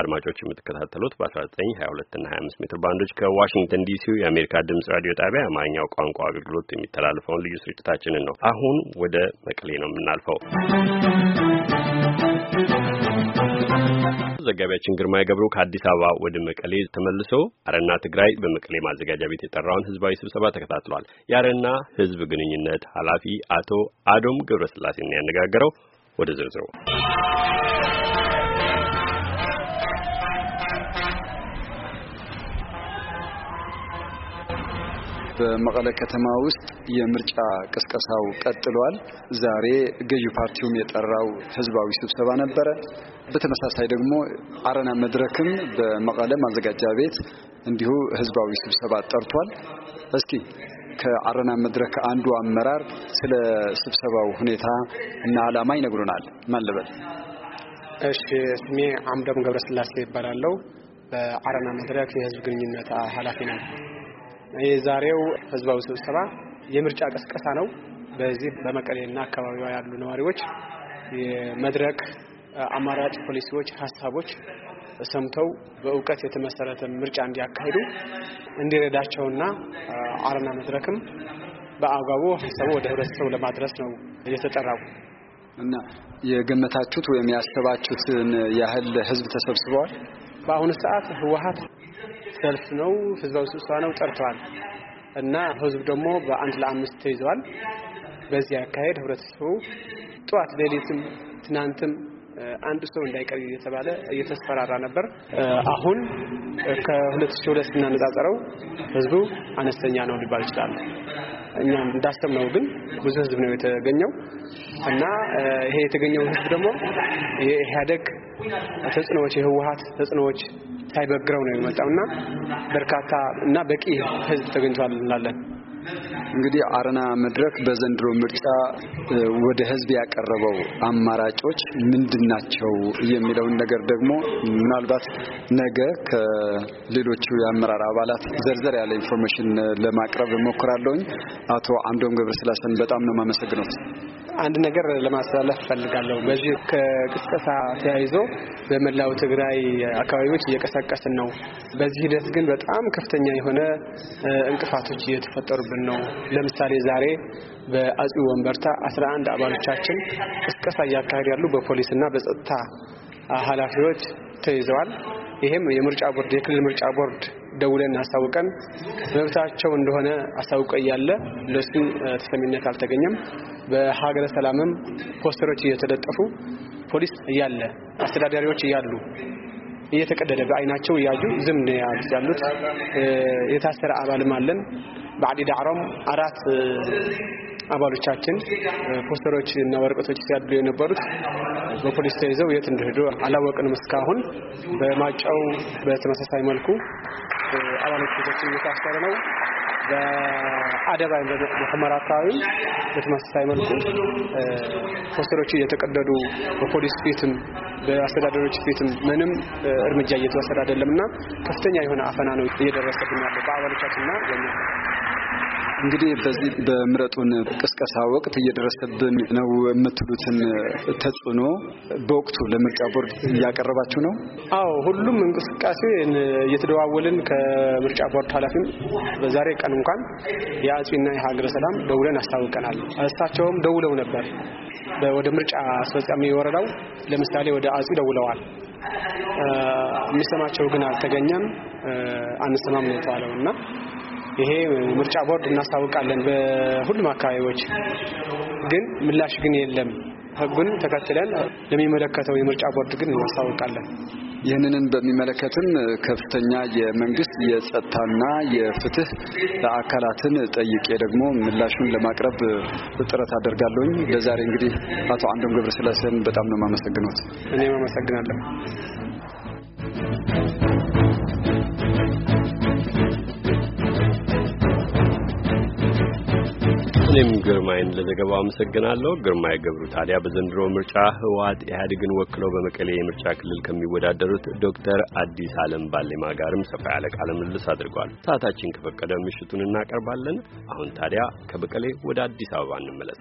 አድማጮች የምትከታተሉት በ1922 እና 25 ሜትር ባንዶች ከዋሽንግተን ዲሲ የአሜሪካ ድምጽ ራዲዮ ጣቢያ የአማርኛው ቋንቋ አገልግሎት የሚተላለፈውን ልዩ ስርጭታችንን ነው። አሁን ወደ መቀሌ ነው የምናልፈው። ዘጋቢያችን ግርማ ገብሩ ከአዲስ አበባ ወደ መቀሌ ተመልሶ አረና ትግራይ በመቀሌ ማዘጋጃ ቤት የጠራውን ህዝባዊ ስብሰባ ተከታትሏል። የአረና ህዝብ ግንኙነት ኃላፊ አቶ አዶም ገብረስላሴን ያነጋገረው ወደ ዝርዝሩ በመቀለ ከተማ ውስጥ የምርጫ ቅስቀሳው ቀጥሏል። ዛሬ ገዢ ፓርቲውም የጠራው ህዝባዊ ስብሰባ ነበረ። በተመሳሳይ ደግሞ አረና መድረክም በመቀለ ማዘጋጃ ቤት እንዲሁ ህዝባዊ ስብሰባ ጠርቷል። እስኪ ከአረና መድረክ አንዱ አመራር ስለ ስብሰባው ሁኔታ እና አላማ ይነግሩናል። ማን ልበል? እሺ ስሜ አምደም ገብረስላሴ ይባላለሁ። በአረና መድረክ የህዝብ ግንኙነት ኃላፊ ነው። የዛሬው ህዝባዊ ስብሰባ የምርጫ ቀስቀሳ ነው። በዚህ በመቀሌና አካባቢዋ ያሉ ነዋሪዎች የመድረክ አማራጭ ፖሊሲዎች፣ ሀሳቦች ሰምተው በእውቀት የተመሰረተ ምርጫ እንዲያካሂዱ እንዲረዳቸውና አረና መድረክም በአግባቡ ሀሳቡ ወደ ህብረተሰቡ ለማድረስ ነው የተጠራው እና የገመታችሁት ወይም ያሰባችሁትን ያህል ህዝብ ተሰብስበዋል። በአሁኑ ሰዓት ህወሀት ሰልፍ ነው፣ ህዝባዊ ስብሰባ ነው ጠርተዋል እና ህዝብ ደግሞ በአንድ ለአምስት ተይዘዋል። በዚህ አካሄድ ህብረተሰቡ ጠዋት ሌሊትም ትናንትም አንድ ሰው እንዳይቀር እየተባለ እየተስፈራራ ነበር። አሁን ከ2002 ስናነጻጸረው ህዝቡ አነስተኛ ነው ሊባል ይችላል። እኛም እንዳሰብነው ግን ብዙ ህዝብ ነው የተገኘው እና ይሄ የተገኘው ህዝብ ደግሞ የኢህአደግ ተጽዕኖዎች፣ የህወሀት ተጽዕኖዎች ሳይበግረው ነው የመጣው እና በርካታ እና በቂ ህዝብ ተገኝቷል እንላለን። እንግዲህ አረና መድረክ በዘንድሮ ምርጫ ወደ ህዝብ ያቀረበው አማራጮች ምንድን ናቸው የሚለውን ነገር ደግሞ ምናልባት ነገ ከሌሎቹ የአመራር አባላት ዘርዘር ያለ ኢንፎርሜሽን ለማቅረብ እሞክራለሁኝ። አቶ አምዶም ገብረስላሴን በጣም ነው የማመሰግነው። አንድ ነገር ለማስተላለፍ እፈልጋለሁ። በዚህ ከቅስቀሳ ተያይዞ በመላው ትግራይ አካባቢዎች እየቀሰቀስን ነው። በዚህ ሂደት ግን በጣም ከፍተኛ የሆነ እንቅፋቶች እየተፈጠሩብን ነው። ለምሳሌ ዛሬ በአጽቢ ወንበርታ 11 አባሎቻችን ቅስቀሳ እያካሄዱ ያሉ በፖሊስና በጸጥታ ኃላፊዎች ተይዘዋል። ይህም የምርጫ ቦርድ የክልል ምርጫ ቦርድ ደውለን አስታውቀን መብታቸው እንደሆነ አስታውቀ እያለ ለሱ ተሰሚነት አልተገኘም። በሀገረ ሰላምም ፖስተሮች እየተለጠፉ ፖሊስ እያለ አስተዳዳሪዎች እያሉ እየተቀደደ በአይናቸው እያዩ ዝም ነው ያሉት። የታሰረ አባልም አለን። በዓዲ ዳዕሮም አራት አባሎቻችን ፖስተሮች እና ወረቀቶች ሲያድሉ የነበሩት በፖሊስ ተይዘው የት እንደሄዱ አላወቅንም እስካሁን። በማጫው በተመሳሳይ መልኩ አባሎች ቤቶችን እየታሰረ ነው። በአደባይ በመተማር አካባቢ በተመሳሳይ መልኩ ፖስተሮቹ እየተቀደዱ በፖሊስ ፊትም በአስተዳደሮች ፊትም ምንም እርምጃ እየተወሰደ አይደለምና ከፍተኛ የሆነ አፈና ነው እየደረሰብን ያለው በአባሎቻችንና እንግዲህ በዚህ በምረጡን ቅስቀሳ ወቅት እየደረሰብን ነው የምትሉትን ተጽዕኖ በወቅቱ ለምርጫ ቦርድ እያቀረባችሁ ነው? አዎ፣ ሁሉም እንቅስቃሴ እየተደዋወልን ከምርጫ ቦርድ ኃላፊም በዛሬ ቀን እንኳን የአጽና የሀገረ ሰላም ደውለን አስታውቀናል። እሳቸውም ደውለው ነበር። ወደ ምርጫ አስፈጻሚ የወረዳው ለምሳሌ ወደ አጽ ደውለዋል። የሚሰማቸው ግን አልተገኘም። አንሰማም ነው የተባለው እና ይሄ ምርጫ ቦርድ እናስታውቃለን በሁሉም አካባቢዎች ግን ምላሽ ግን የለም። ህጉን ተከትለን ለሚመለከተው የምርጫ ቦርድ ግን እናስታውቃለን። ይህንንን በሚመለከትም ከፍተኛ የመንግስት የጸጥታና የፍትህ አካላትን ጠይቄ ደግሞ ምላሹን ለማቅረብ ጥረት አደርጋለሁኝ። ለዛሬ እንግዲህ አቶ አንዶም ገብረስላሴን በጣም ነው ማመሰግኖት እኔም አመሰግናለሁ። እኔም ግርማይን ለዘገባው አመሰግናለሁ። ግርማይ ገብሩ ታዲያ በዘንድሮ ምርጫ ህወሓት ኢህአዴግን ወክለው በመቀሌ የምርጫ ክልል ከሚወዳደሩት ዶክተር አዲስ አለም ባሌማ ጋርም ሰፋ ያለ ቃለ ምልልስ አድርጓል። ሰዓታችን ከፈቀደ ምሽቱን እናቀርባለን። አሁን ታዲያ ከመቀሌ ወደ አዲስ አበባ እንመለስ።